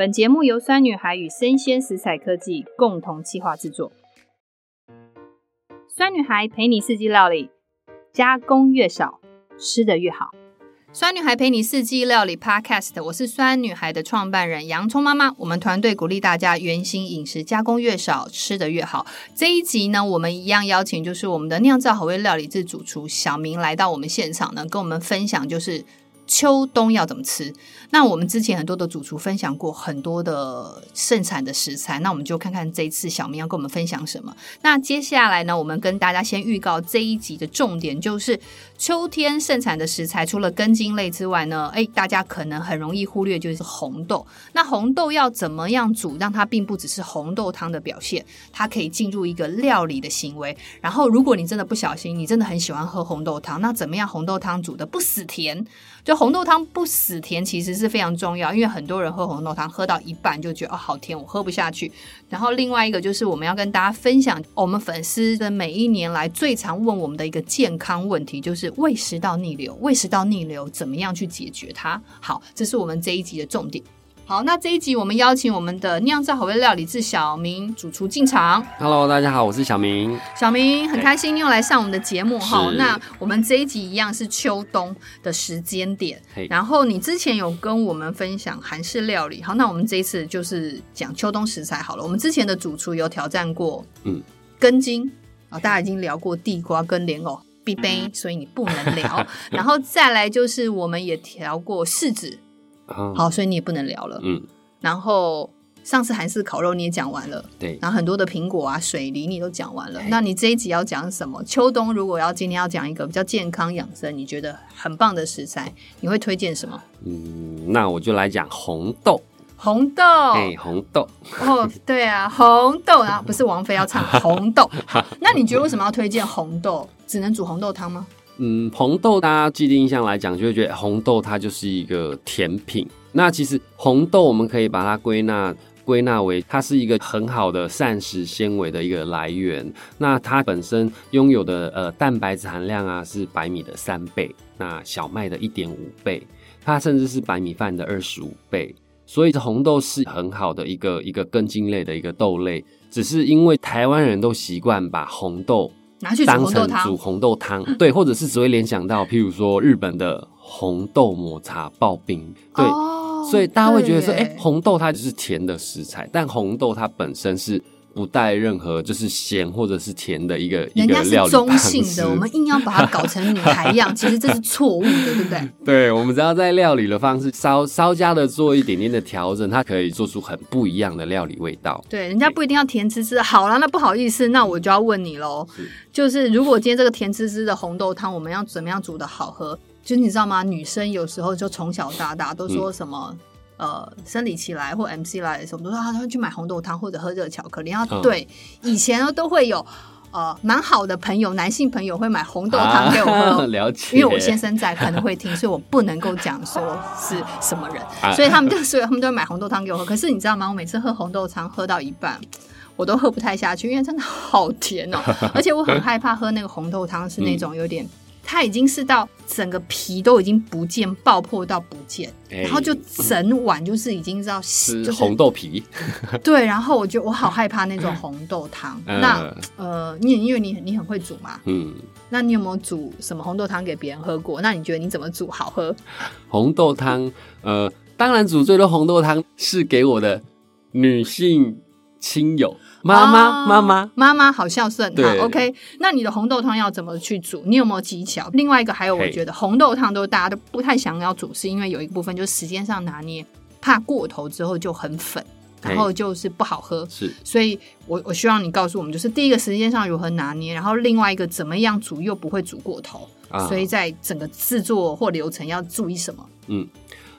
本節目由酸女孩與聲鮮時采科技共同企劃製作。酸女孩陪你四季料理，加工越少，吃得越好。酸女孩陪你四季料理 Podcast，我是酸女孩的創辦人洋蔥媽媽。我們團隊鼓勵大家原型飲食，加工越少，吃得越好。這一集呢，我們一樣邀請就是我們的釀造好味料理誌主廚小銘來到我們現場呢，跟我們分享就是。秋冬要怎麼吃？那我們之前很多的主廚分享過很多的盛產的食材，那我們就看看這一次小銘要跟我們分享什麼。那接下來呢，我們跟大家先預告這一集的重點，就是秋天盛產的食材，除了根莖類之外呢，哎，大家可能很容易忽略，就是紅豆。那紅豆要怎麼樣煮，讓它並不只是紅豆湯的表現，它可以進入一個料理的行為。然後，如果你真的不小心，你真的很喜歡喝紅豆湯，那怎麼樣紅豆湯煮得不死甜？就紅豆湯不死甜，其實是非常重要，因為很多人喝紅豆湯喝到一半就覺得哦，好甜，我喝不下去。然後另外一個就是我們要跟大家分享，我們粉絲的每一年來最常問我們的一個健康問題，就是胃食道逆流。胃食道逆流怎麼樣去解決它？好，這是我們這一集的重點。好，那這一集我們邀請我們的釀造好味料理志小銘主廚進場。Hello，大家好，我是小銘。小銘很開心又來上我們的節目哈。那我們這一集一樣是秋冬的時間點。Hey. 然後你之前有跟我們分享韓式料理，好，那我們這一次就是講秋冬食材好了。我們之前的主廚有挑戰過，嗯，根莖，啊，大家已經聊過地瓜跟蓮藕必備，所以你不能聊。 然後再來就是我們也聊過柿子。哦、好，所以你也不能聊了。嗯，然後上次韓式烤肉你也講完了，對，然後很多的蘋果啊、水梨你都講完了。對那你這一集要講什麼？秋冬如果要今天要講一個比較健康養生，你覺得很棒的食材，你會推薦什麼？嗯，那我就來講紅豆。紅豆，哎，紅豆。哦，對啊，紅豆啊，不是王菲要唱 紅豆。那你覺得為什麼要推薦紅豆？只能煮紅豆湯嗎？嗯，紅豆大家既定印象來講，就會覺得紅豆它就是一個甜品。那其實紅豆我們可以把它歸納歸納為，它是一個很好的膳食纖維的一個來源。那它本身擁有的呃蛋白質含量啊，是白米的三倍，那小麥的一點五倍，它甚至是白米飯的二十五倍。所以這紅豆是很好的一個一個根莖類的一個豆類，只是因為台灣人都習慣把紅豆。拿去煮紅豆湯，豆嗯、對，或者是只會聯想到，譬如說日本的紅豆抹茶刨冰，對，哦、所以大家會覺得說，哎耶、欸，紅豆它就是甜的食材，但紅豆它本身是。不帶任何就是鹹或者是甜的一個，一個料理，人家是中性的，我們硬要把它搞成女孩一樣， 其實這是錯誤的， 對不對？對，我們只要在料理的方式稍稍加的做一點點的調整，它可以做出很不一樣的料理味道。對，人家不一定要甜滋滋。好啦，那不好意思，那我就要問你嘍，是就是如果今天這個甜滋滋的紅豆湯，我們要怎麼樣煮的好喝？就是你知道嗎？女生有時候就從小到大，大都說什麼。嗯呃，生理期來或 MC 來的時候，我們都說他要去買紅豆湯或者喝熱巧克力。啊、嗯、對，以前呢都會有呃蠻好的朋友，男性朋友會買紅豆湯給我喝，啊、了解。因為我先生在可能會聽， 所以我不能夠講說是什麼人，所以他們就說他們都會買紅豆湯給我喝。可是你知道嗎？我每次喝紅豆湯喝到一半，我都喝不太下去，因為真的好甜哦，而且我很害怕喝那個紅豆湯是那種有點、嗯。它已經是到整個皮都已經不見，爆破到不見，欸、然後就整碗就是已經知道吃紅豆皮、就是。對，然後我就我好害怕那種紅豆湯。啊、那呃，你因為你你很會煮嘛，嗯，那你有沒有煮什麼紅豆湯給別人喝過？那你覺得你怎麼煮好喝？紅豆湯，呃，當然煮最多紅豆湯是給我的女性親友。媽媽，啊、媽媽，媽媽好孝順。對、啊、okay，那你的紅豆湯要怎麼去煮？你有沒有技巧？另外一個還有，我覺得紅豆湯都大家都不太想要煮，是因為有一部分就是時間上拿捏，怕過頭之後就很粉，然後就是不好喝。是，所以我我希望你告訴我們，就是第一個時間上如何拿捏，然後另外一個怎麼樣煮又不會煮過頭。啊、所以在整個製作或流程要注意什麼？嗯，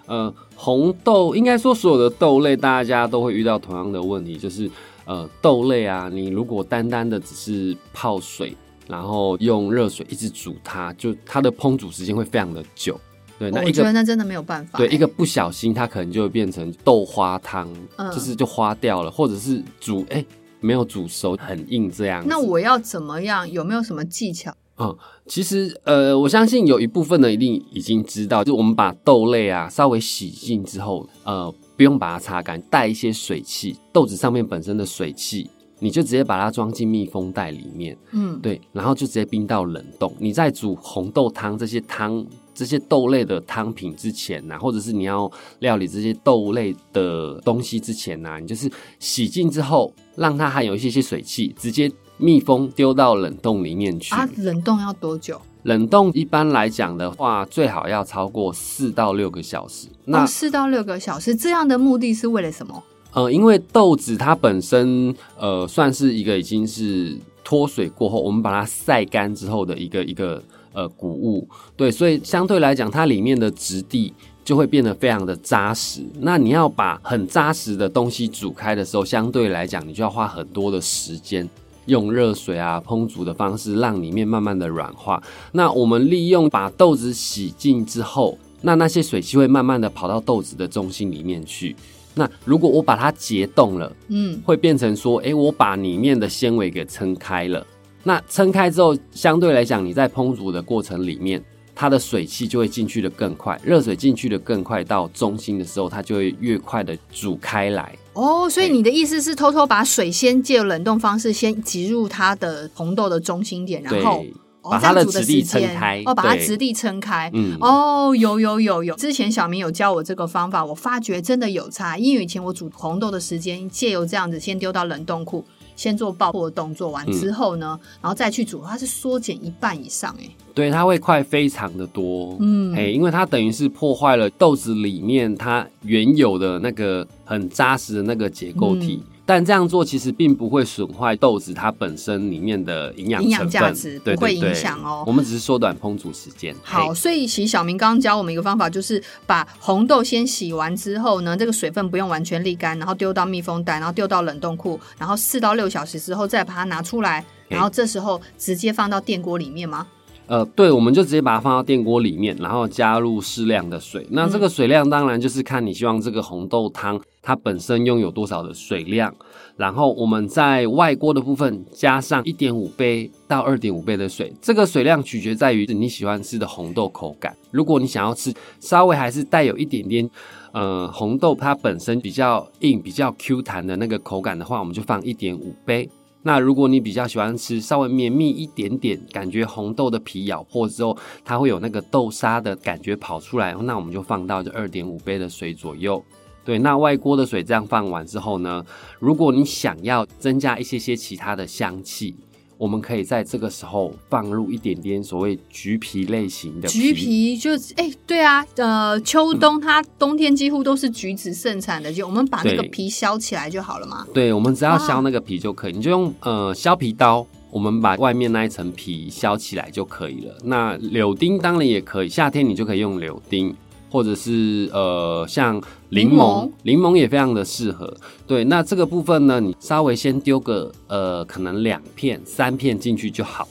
呃，紅豆應該說所有的豆類大家都會遇到同樣的問題，就是。呃，豆類啊，你如果單單的只是泡水，然後用熱水一直煮它，就它的烹煮時間會非常的久。對，那一個我覺得那真的沒有辦法，欸。對，一個不小心，它可能就會變成豆花湯，嗯，就是就花掉了，或者是煮哎，欸、沒有煮熟，很硬這樣子。那我要怎麼樣？有沒有什麼技巧？嗯，其實呃，我相信有一部分的一定已經知道，就是，我們把豆類啊稍微洗淨之後，呃。不用把它擦乾，帶一些水汽，豆子上面本身的水汽，你就直接把它裝進密封袋裡面，嗯，對，然後就直接冰到冷凍。你在煮紅豆湯這些湯、這些豆類的湯品之前呢、啊，或者是你要料理這些豆類的東西之前呢、啊，你就是洗淨之後，讓它含有一些些水汽，直接密封丟到冷凍裡面去。啊，冷凍要多久？冷凍一般來講的話，最好要超過四到六個小時。那，哦，四到六個小時，這樣的目的是為了什麼？呃，因為豆子它本身，呃，算是一個已經是脫水過後，我們把它曬乾之後的一個一個呃穀物。對，所以相對來講，它裡面的質地就會變得非常的扎實。那你要把很扎實的東西煮開的時候，相對來講，你就要花很多的時間。用熱水啊烹煮的方式，讓裡面慢慢的軟化。那我們利用把豆子洗淨之後，那那些水汽會慢慢的跑到豆子的中心裡面去。那如果我把它解凍了，嗯，會變成說，誒、欸，我把裡面的纖維給撐開了。那撐開之後，相對來講，你在烹煮的過程裡面，它的水汽就會進去的更快，熱水進去的更快，到中心的時候，它就會越快的煮開來。哦，所以、oh, so、對你的意思是偷偷把水先借由冷凍方式先擠入它的紅豆的中心點，對然後把它他的,這樣煮的時間質地撐開，哦，把它質地撐開，哦對，oh, 有,有有有有，之前小銘有教我這個方法，我發覺真的有差。因為以前我煮紅豆的時間，借由這樣子先丟到冷凍庫。先做爆破的動作完之後呢，嗯、然後再去煮，它是縮減一半以上誒、欸，對，它會快非常的多，嗯，誒、欸，因為它等於是破壞了豆子裡面它原有的那個很扎實的那個結構體。嗯。但這樣做其實並不會損壞豆子它本身裡面的營養營養價值，不會影響哦、喔。對對對，我們只是縮短烹煮時間。好，所以其實小銘剛剛教我們一個方法，就是把紅豆先洗完之後呢，這個水分不用完全瀝乾，然後丟到密封袋，然後丟到冷凍庫，然後四到六小時之後再把它拿出來，然後這時候直接放到電鍋裡面嗎？呃，對，我們就直接把它放到電鍋裡面，然後加入適量的水。那這個水量當然就是看你希望這個紅豆湯它本身擁有多少的水量。然後我們在外鍋的部分加上一點五杯到二點五杯的水，這個水量取決在於你喜歡吃的紅豆口感。如果你想要吃稍微還是帶有一點點，呃，紅豆它本身比較硬，比較 Q 彈的那個口感的話，我們就放一點五杯。那如果你比較喜歡吃稍微綿密一點點，感覺紅豆的皮咬破之後，它會有那個豆沙的感覺跑出來，那我們就放到這二點五杯的水左右。對，那外鍋的水這樣放完之後呢，如果你想要增加一些些其他的香氣。我們可以在這個時候放入一點點所謂橘皮類型的皮橘皮就，就、欸、哎，對啊，呃，秋冬它冬天幾乎都是橘子盛產的，嗯、就我們把那個皮削起來就好了嘛。對，我們只要削那個皮就可以，啊、你就用呃削皮刀，我們把外面那一層皮削起來就可以了。那柳丁當然也可以，夏天你就可以用柳丁。或者是，呃，像檸檬，檸檬，檸檬也非常的適合。對，那這個部分呢，你稍微先丟個，呃，可能兩片、三片進去就好。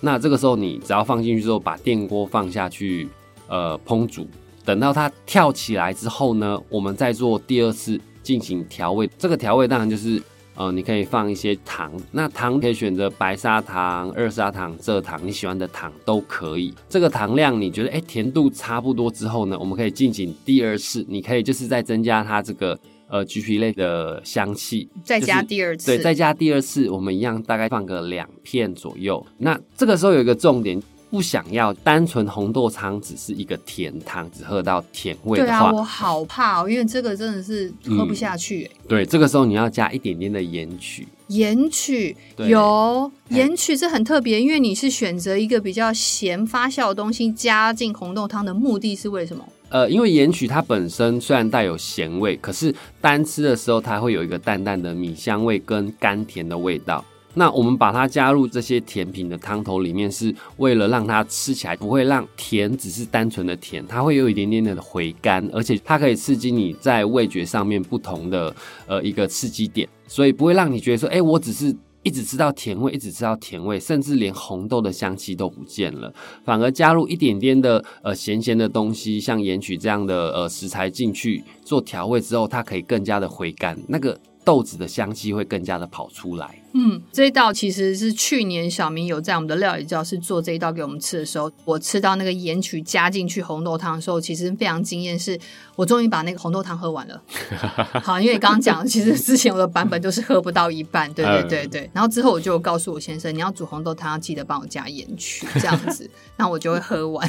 那這個時候你只要放進去之後，把電鍋放下去，呃，烹煮，等到它跳起來之後呢，我們再做第二次，進行調味。這個調味當然就是。呃，你可以放一些糖，那糖可以選擇白砂糖、二砂糖、蔗糖，你喜歡的糖都可以。這個糖量你覺得，哎、欸，甜度差不多之後呢，我們可以進行第二次，你可以就是再增加它這個呃橘皮類的香氣，再加第二次，就是，對，再加第二次，我們一樣大概放個兩片左右。那這個時候有一個重點。不想要單純紅豆湯，只是一個甜湯，只喝到甜味的話，對啊，我好怕哦，因為這個真的是喝不下去哎，嗯。對，這個時候你要加一點點的鹽麴。鹽麴，對，有鹽麴是很特別，因為你是選擇一個比較鹹發酵的東西加進紅豆湯的目的是為什麼？呃，因為鹽麴它本身雖然帶有鹹味，可是單吃的時候它會有一個淡淡的米香味跟甘甜的味道。那我們把它加入這些甜品的湯頭裡面，是為了讓它吃起來不會讓甜，只是單純的甜，它會有一點點的回甘，而且它可以刺激你在味覺上面不同的呃一個刺激點，所以不會讓你覺得說，哎、欸，我只是一直吃到甜味，一直吃到甜味，甚至連紅豆的香氣都不見了，反而加入一點點的呃鹹鹹的東西，像鹽曲這樣的呃食材進去做調味之後，它可以更加的回甘，那個豆子的香氣會更加的跑出來。嗯，這一道其實是去年小銘有在我們的料理教室做這一道給我們吃的時候，我吃到那個鹽麴加進去紅豆湯的時候，其實非常驚艷，是我終於把那個紅豆湯喝完了。 好，因為剛剛講，其實之前我的版本都是喝不到一半，對對對對。然後之後我就告訴我先生，你要煮紅豆湯要記得幫我加鹽麴這樣子， 那我就會喝完。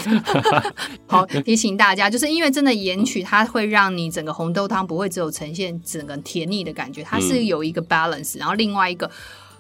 好，提醒大家，就是因為真的鹽麴它會讓你整個紅豆湯不會只有呈現整個甜膩的感覺，它是有一個 balance，然後另外一個。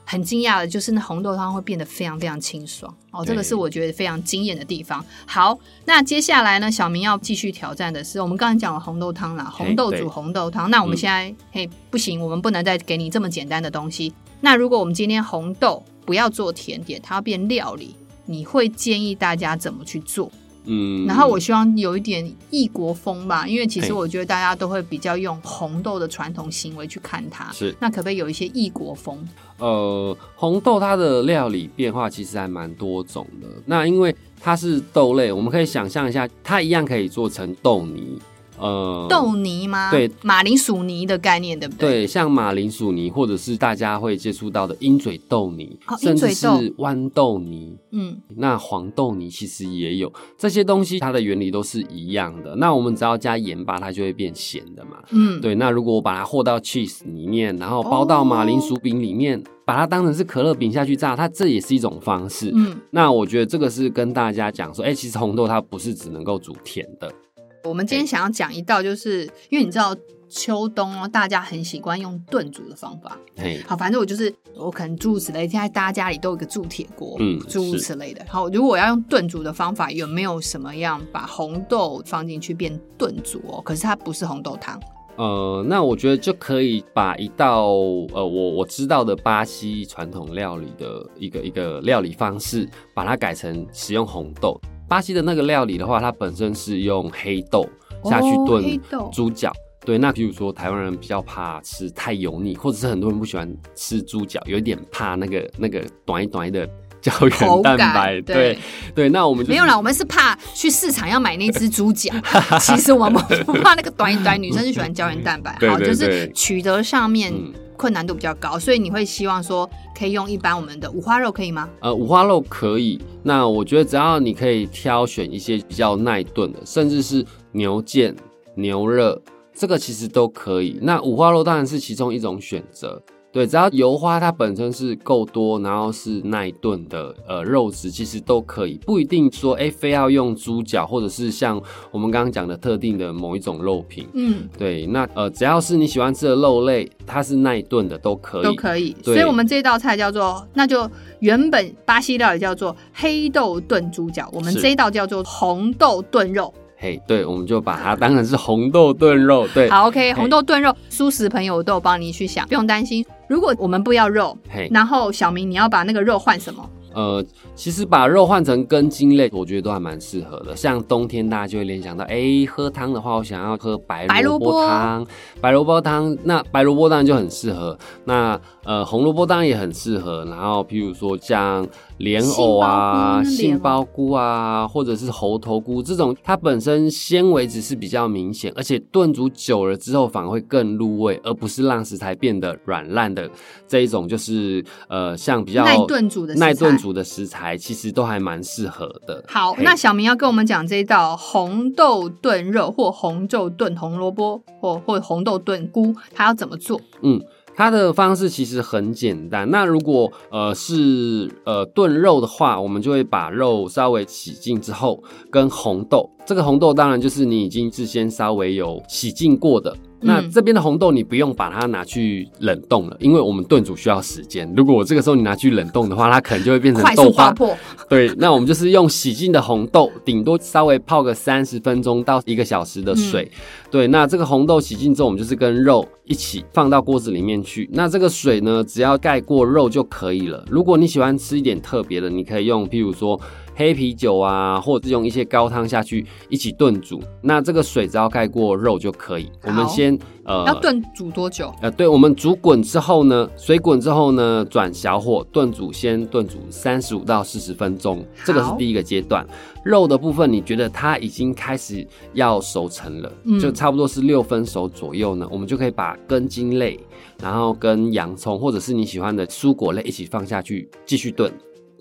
很驚訝的就是那紅豆湯會變得非常非常清爽哦，對對對，這個是我覺得非常驚艷的地方。好，那接下來呢，小明要繼續挑戰的是我們剛才講的紅豆湯啦。紅豆、煮紅豆湯。那我們現在，嗯、嘿，不行，我們不能再給你這麼簡單的東西。那如果我們今天紅豆不要做甜點，它要變料理，你會建議大家怎麼去做？嗯，然後我希望有一點異國風吧，因為其實我覺得大家都會比較用紅豆的傳統行為去看它，是。那可不可以有一些異國風？呃，紅豆它的料理變化其實還蠻多種的，那因為它是豆類，我們可以想象一下，它一樣可以做成豆泥。呃，豆泥嗎？對，馬鈴薯泥的概念，對不對？對，像馬鈴薯泥，或者是大家會接觸到的鷹嘴豆泥，哦、甚至是豌豆泥。嗯，那黃豆泥其實也有這些東西，它的原理都是一樣的。那我們只要加鹽巴它就會變鹹的嘛。嗯，對。那如果我把它和到 cheese 裡面，然後包到馬鈴薯餅裡面，哦、把它當成是可樂餅下去炸，它這也是一種方式。嗯，那我覺得這個是跟大家講說，哎、欸，其實紅豆它不是只能夠煮甜的。我們今天想要講一道，就是因為你知道秋冬哦，大家很喜歡用燉煮的方法。嘿好，反正我就是我可能諸如此類，現在大家家裡都有一個鑄鐵鍋，諸如此類的。是好，如果要用燉煮的方法，有沒有什麼樣把紅豆放進去變燉煮哦？可是它不是紅豆湯。呃，那我覺得就可以把一道呃我我知道的巴西傳統料理的一個一個料理方式，把它改成使用紅豆。巴西的那個料理的話，它本身是用黑豆下去燉豬腳。哦，黑豆。對，那比如說台灣人比較怕吃太油膩，或者是很多人不喜歡吃豬腳，有一點怕那個那個短一短的膠原蛋白。感對對，對，那我們就沒有啦，我們是怕去市場要買那隻豬腳。 其實我們不怕那個短一短，女生就喜歡膠原蛋白，好，對對對，就是取得上面。嗯。困難度比較高，所以你會希望說可以用一般我們的五花肉，可以嗎？呃，五花肉可以。那我覺得只要你可以挑選一些比較耐燉的，甚至是牛腱、牛肋，這個其實都可以。那五花肉當然是其中一種選擇。對，只要油花它本身是夠多，然後是耐燉的，呃，肉質其實都可以，不一定說哎非要用豬腳，或者是像我們剛剛講的特定的某一種肉品。嗯，對，那呃，只要是你喜歡吃的肉類，它是耐燉的都可以。都可以。可以對所以我們這道菜叫做，那就原本巴西料理叫做黑豆燉豬腳，是我們這一道叫做紅豆燉肉。嘿，對，我們就把它當成是紅豆燉肉。對，好，OK，紅豆燉肉，蔬嘿食朋友都有幫你去想，不用擔心。如果我們不要肉，嘿。然後小銘，你要把那個肉換什麼？呃，其實把肉換成根莖類，我覺得都還蠻適合的。像冬天，大家就會聯想到，哎、欸，喝湯的話，我想要喝白蘿蔔湯，白蘿蔔湯。那白蘿蔔當然就很適合。那呃，紅蘿蔔當然也很適合。然後，譬如說像蓮藕啊、杏鮑菇啊，菇啊或者是猴頭菇這種，它本身纖維質是比較明顯，而且燉煮久了之後反而會更入味，而不是讓食材變得軟爛的這一種。就是呃，像比較耐燉煮的耐燉煮。煮的食材其實都還蠻適合的。好，嘿那小銘要跟我們講這一道紅豆燉肉，或紅豆燉紅蘿蔔，或或紅豆燉菇，它要怎麼做？嗯，它的方式其實很簡單。那如果呃是呃燉肉的話，我們就會把肉稍微洗淨之後，跟紅豆。這個紅豆當然就是你已經事先稍微有洗淨過的。那這邊的紅豆你不用把它拿去冷凍了，嗯、因為我們燉煮需要時間。如果我這個時候你拿去冷凍的話，它可能就會變成豆花。 對，那我們就是用洗淨的紅豆，頂多稍微泡個三十分鐘到一個小時的水。嗯、對，那這個紅豆洗淨之後，我們就是跟肉一起放到鍋子裡面去。那這個水呢，只要蓋過肉就可以了。如果你喜歡吃一點特別的，你可以用，譬如說。黑啤酒啊，或者是用一些高湯下去一起燉煮，那這個水只要蓋過肉就可以。好我們先呃，要燉煮多久？呃，對，我們煮滾之後呢，水滾之後呢，轉小火燉煮，先燉煮三十五到四十分鐘，好這個是第一個階段。肉的部分，你覺得它已經開始要熟成了，嗯、就差不多是六分熟左右呢，我們就可以把根莖類，然後跟洋蔥或者是你喜歡的蔬果類一起放下去繼續燉。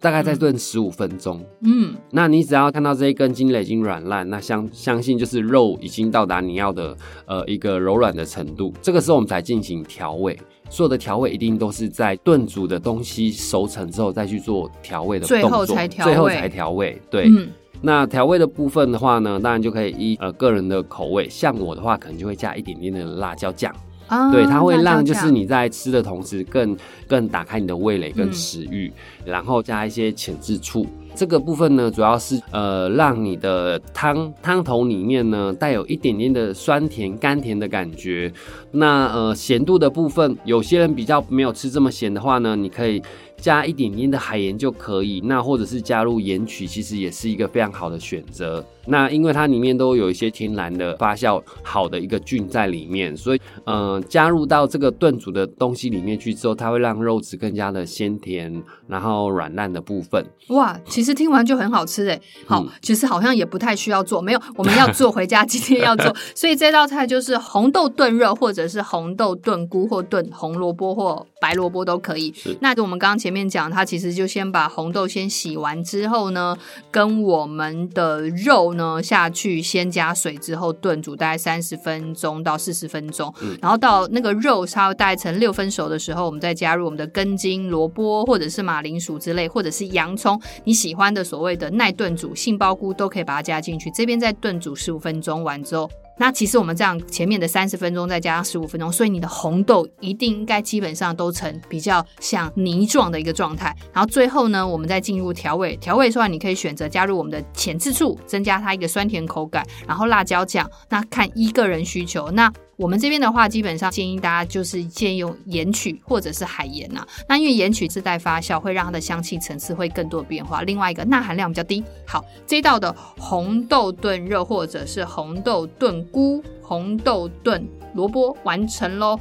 大概再燉十五分鐘。嗯，嗯，那你只要看到這一根筋已經軟爛，那相相信就是肉已經到達你要的呃一個柔軟的程度。這個時候我們才進行調味，所有的調味一定都是在燉煮的東西熟成之後再去做調味的動作，最後才調味，最後才調味。對，嗯，那調味的部分的話呢，當然就可以依呃個人的口味，像我的話，可能就會加一點點的辣椒醬。 對，它會讓就是你在吃的同時更，更 更打開你的味蕾跟食欲，嗯、然後加一些淺漬醋，這個部分呢，主要是呃讓你的湯湯頭裡面呢帶有一點點的酸甜甘甜的感覺。那呃鹹度的部分，有些人比較沒有吃這麼鹹的話呢，你可以加一點點的海鹽就可以。那或者是加入鹽曲，其實也是一個非常好的選擇。那因為它裡面都有一些天然的發酵好的一個菌在裡面，所以嗯、呃，加入到這個燉煮的東西裡面去之後，它會讓肉質更加的鮮甜，然後軟爛的部分。哇，其實聽完就很好吃哎。好，嗯、其實好像也不太需要做，沒有我們要做回家 今天要做，所以這道菜就是紅豆燉肉，或者是紅豆燉菇或燉紅蘿蔔或白蘿蔔都可以。是那就我們剛剛前面講，它其實就先把紅豆先洗完之後呢，跟我們的肉。呢，下去先加水之後燉煮大概三十分鐘到四十分鐘，然後到那個肉差不多大概成六分熟的時候，我們再加入我們的根莖、蘿蔔或者是馬鈴薯之類，或者是洋蔥，你喜歡的所謂的耐燉煮，杏鮑菇都可以把它加進去，這邊再燉煮十五分鐘完之後。那其實我們這樣前面的三十分鐘再加上十五分鐘，所以你的紅豆一定應該基本上都呈比較像泥狀的一個狀態。然後最後呢，我們再進入調味。調味的話，你可以選擇加入我們的淺漬醋，增加它一個酸甜口感，然後辣椒醬，那看依個人需求那。我們這邊的話，基本上建議大家就是建議用鹽麴或者是海鹽吶、啊。那因為鹽麴自帶發酵，會讓它的香氣層次會更多變化。另外一個，鈉含量比較低。好，這一道的紅豆燉肉或者是紅豆燉菇、紅豆燉蘿蔔完成嘍。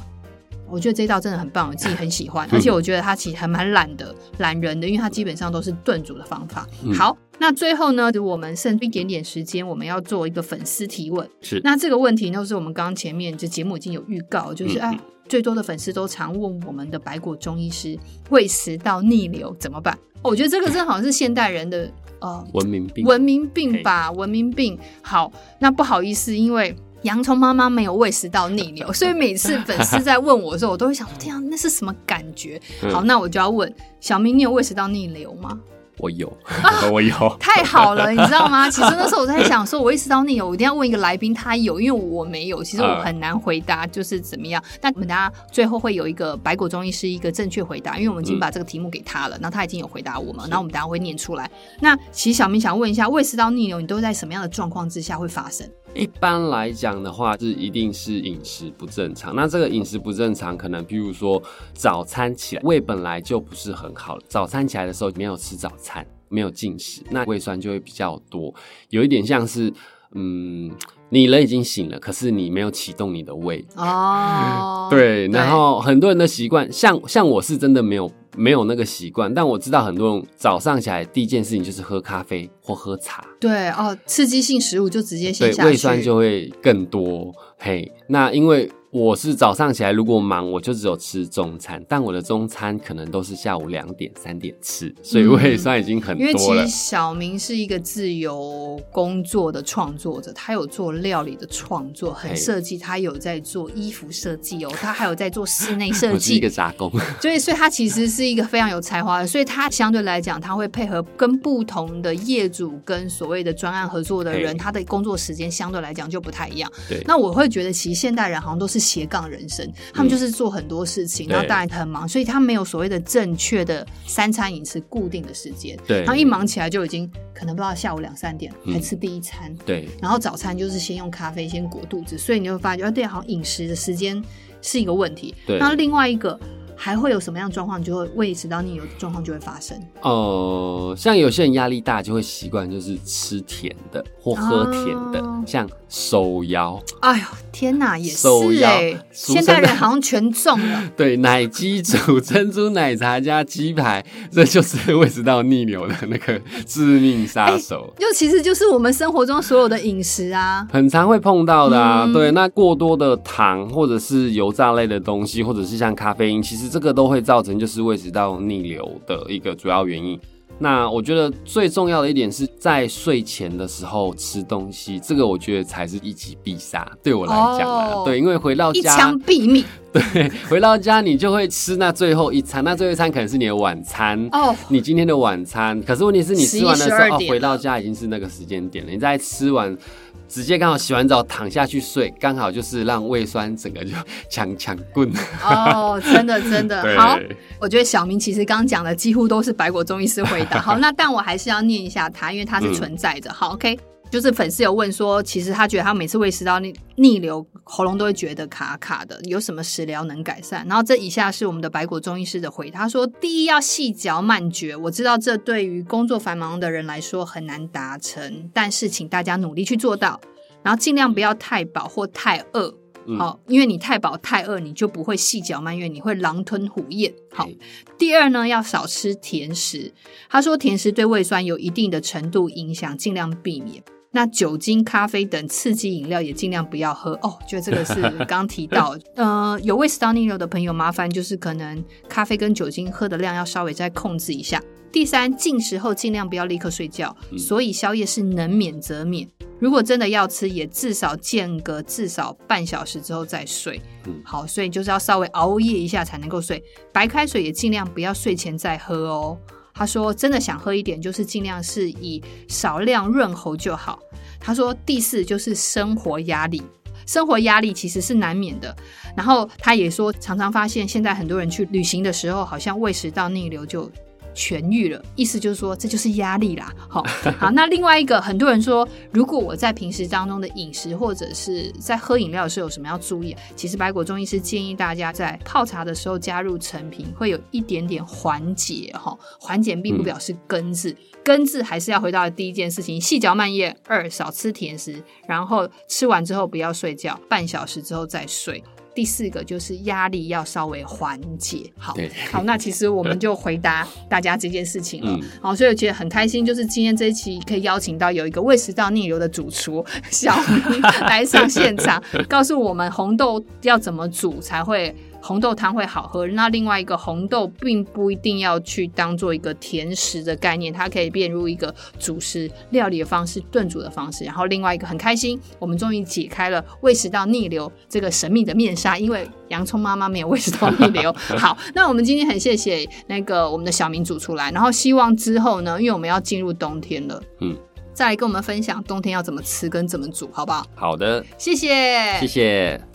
我覺得這一道真的很棒，我自己很喜歡，而且我覺得它其實還蠻懶的、懶人的，因為它基本上都是燉煮的方法。嗯、好。那最後呢，就我們剩一點點時間，我們要做一個粉絲提問。是，那這個問題，就是我們剛剛前面就節目已經有預告，就是、嗯嗯、啊，最多的粉絲都常問我們的白果中醫師胃食道逆流怎麼辦、哦？我覺得這個真好像是現代人的呃文明病，文明病吧，Okay. 文明病。好，那不好意思，因為洋蔥媽媽沒有胃食道逆流， 所以每次粉絲在問我的時候，我都會想說，天啊，那是什麼感覺？嗯、好，那我就要問小明，你有胃食道逆流嗎？我有，我 有、啊，太好了， 你知道嗎？ 其實那時候我在想，說我胃食道逆流我一定要問一個來賓，他有，因為我沒有，其實我很難回答，就是怎麼樣。那、嗯、我們大家最後會有一個白果中醫師一個正確回答，因為我們已經把這個題目給他了，嗯、然後他已經有回答我們，是然後我們等下會念出來。那其實小銘想問一下，胃食道逆流你都在什麼樣的狀況之下會發生？一般來講的話，是一定是飲食不正常。那這個飲食不正常，可能譬如說早餐起來，胃本來就不是很好了。早餐起來的時候沒有吃早餐，沒有進食，那胃酸就會比較多。有一點像是，嗯，你人已經醒了，可是你沒有啟動你的胃。哦。Oh, 對，對。然後很多人的習慣，像像我是真的沒有。沒有那個習慣，但我知道很多人早上起來第一件事情就是喝咖啡或喝茶。對哦，刺激性食物就直接下，對，胃酸就會更多。嘿，那因為。我是早上起來，如果忙，我就只有吃中餐，但我的中餐可能都是下午兩點三點吃，所以胃酸已經很多了。嗯，因為其實小明是一個自由工作的創作者，他有做料理的創作，很設計，他有在做衣服設計哦，他還有在做室內設計。 我是一個雜工，所以所以他其實是一個非常有才華的，所以他相對來講，他會配合跟不同的業主跟所謂的專案合作的人， 他的工作時間相對來講就不太一樣。對，那我會覺得其實現代人好像都是。斜槓人生，他們就是做很多事情，嗯、然後當然很忙，對，所以他沒有所謂的正確的三餐飲食固定的時間。對，然後一忙起來就已經可能不知道下午兩三點還吃第一餐。嗯、對，然後早餐就是先用咖啡先裹肚子，所以你會發覺對，好像飲食的時間是一個問題。對，然後另外一個。還會有什麼樣狀況，就會胃食道逆流的狀況就會發生。哦、呃，像有些人壓力大，就會習慣就是吃甜的或喝甜的，啊、像手搖。哎呦，天哪，也是哎、欸！手搖。現代人好像全中了。對，奶雞煮珍珠奶茶加雞排， 這就是胃食道逆流的那個致命殺手。又、欸、其實就是我們生活中所有的飲食啊，很常會碰到的啊。嗯、對，那過多的糖或者是油炸類的東西，或者是像咖啡因，其實。這個都會造成，就是胃食道逆流的一個主要原因。那我覺得最重要的一點是在睡前的時候吃東西，這個我覺得才是一擊必殺。對我來講啊，Oh, 對，因為回到家一槍斃命。 對，回到家你就會吃那最後一餐，那最後一餐可能是你的晚餐，哦，oh, 你今天的晚餐。可是問題是你吃完的時候時、哦，回到家已經是那個時間點了，你再吃完，直接剛好洗完澡躺下去睡，剛好就是讓胃酸整個就強強滾。哦、oh,，真的真的 對好，我覺得小銘其實剛剛講的幾乎都是白果中醫師回答。好，那但我還是要念一下他，因為他是存在的。 嗯、好，OK。就是粉絲有問說，其實他覺得他每次胃食道逆逆流，喉嚨都會覺得卡卡的，有什麼食療能改善？然後這以下是我們的白果中醫師的回答，他說：第一要細嚼慢嚼，我知道這對於工作繁忙的人來說很難達成，但是請大家努力去做到，然後儘量不要太飽或太餓，好、嗯哦，因為你太飽太餓，你就不會細嚼慢咽，你會狼吞虎咽。好、哦，嘿第二呢要少吃甜食，他說甜食對胃酸有一定的程度影響，儘量避免。那酒精、咖啡等刺激飲料也儘量不要喝哦。覺得這個是剛提到， 呃，有胃酸逆流的朋友，麻煩就是可能咖啡跟酒精喝的量要稍微再控制一下。第三，進食後儘量不要立刻睡覺，嗯、所以宵夜是能免則免。如果真的要吃，也至少間隔至少半小時之後再睡。嗯、好，所以就是要稍微熬夜一下才能夠睡。白開水也儘量不要睡前再喝哦。他說：“真的想喝一點，就是盡量是以少量潤喉就好。”他說：“第四就是生活壓力，生活壓力其實是難免的。”然後他也說，常常發現現在很多人去旅行的時候，好像胃食道逆流就。痊癒了，意思就是說，這就是壓力啦。好、哦，好，那另外一個，很多人說，如果我在平時當中的飲食或者是在喝飲料的時候有什麼要注意，其實白果中醫師建議大家在泡茶的時候加入陳皮，會有一點點緩解哈、哦。緩解並不表示根治，嗯、根治還是要回到第一件事情：細嚼慢嚥，二少吃甜食，然後吃完之後不要睡覺，半小時之後再睡。第四個就是壓力要稍微緩解，好，對好，那其實我們就回答大家這件事情了，嗯、好，所以我覺得很開心，就是今天這一期可以邀請到有一個胃食道逆流的主廚小銘 來上現場， 告訴我們紅豆要怎麼煮才會。紅豆湯會好喝。那另外一個紅豆，並不一定要去當做一個甜食的概念，它可以變入一個主食料理的方式，燉煮的方式。然後另外一個很開心，我們終於解開了胃食道逆流這個神秘的面紗，因為洋蔥媽媽沒有胃食道逆流。 好，那我們今天很謝謝那個我們的小銘煮出來。然後希望之後呢，因為我們要進入冬天了，嗯，再來跟我們分享冬天要怎麼吃跟怎麼煮，好不好？好的，謝謝，謝謝。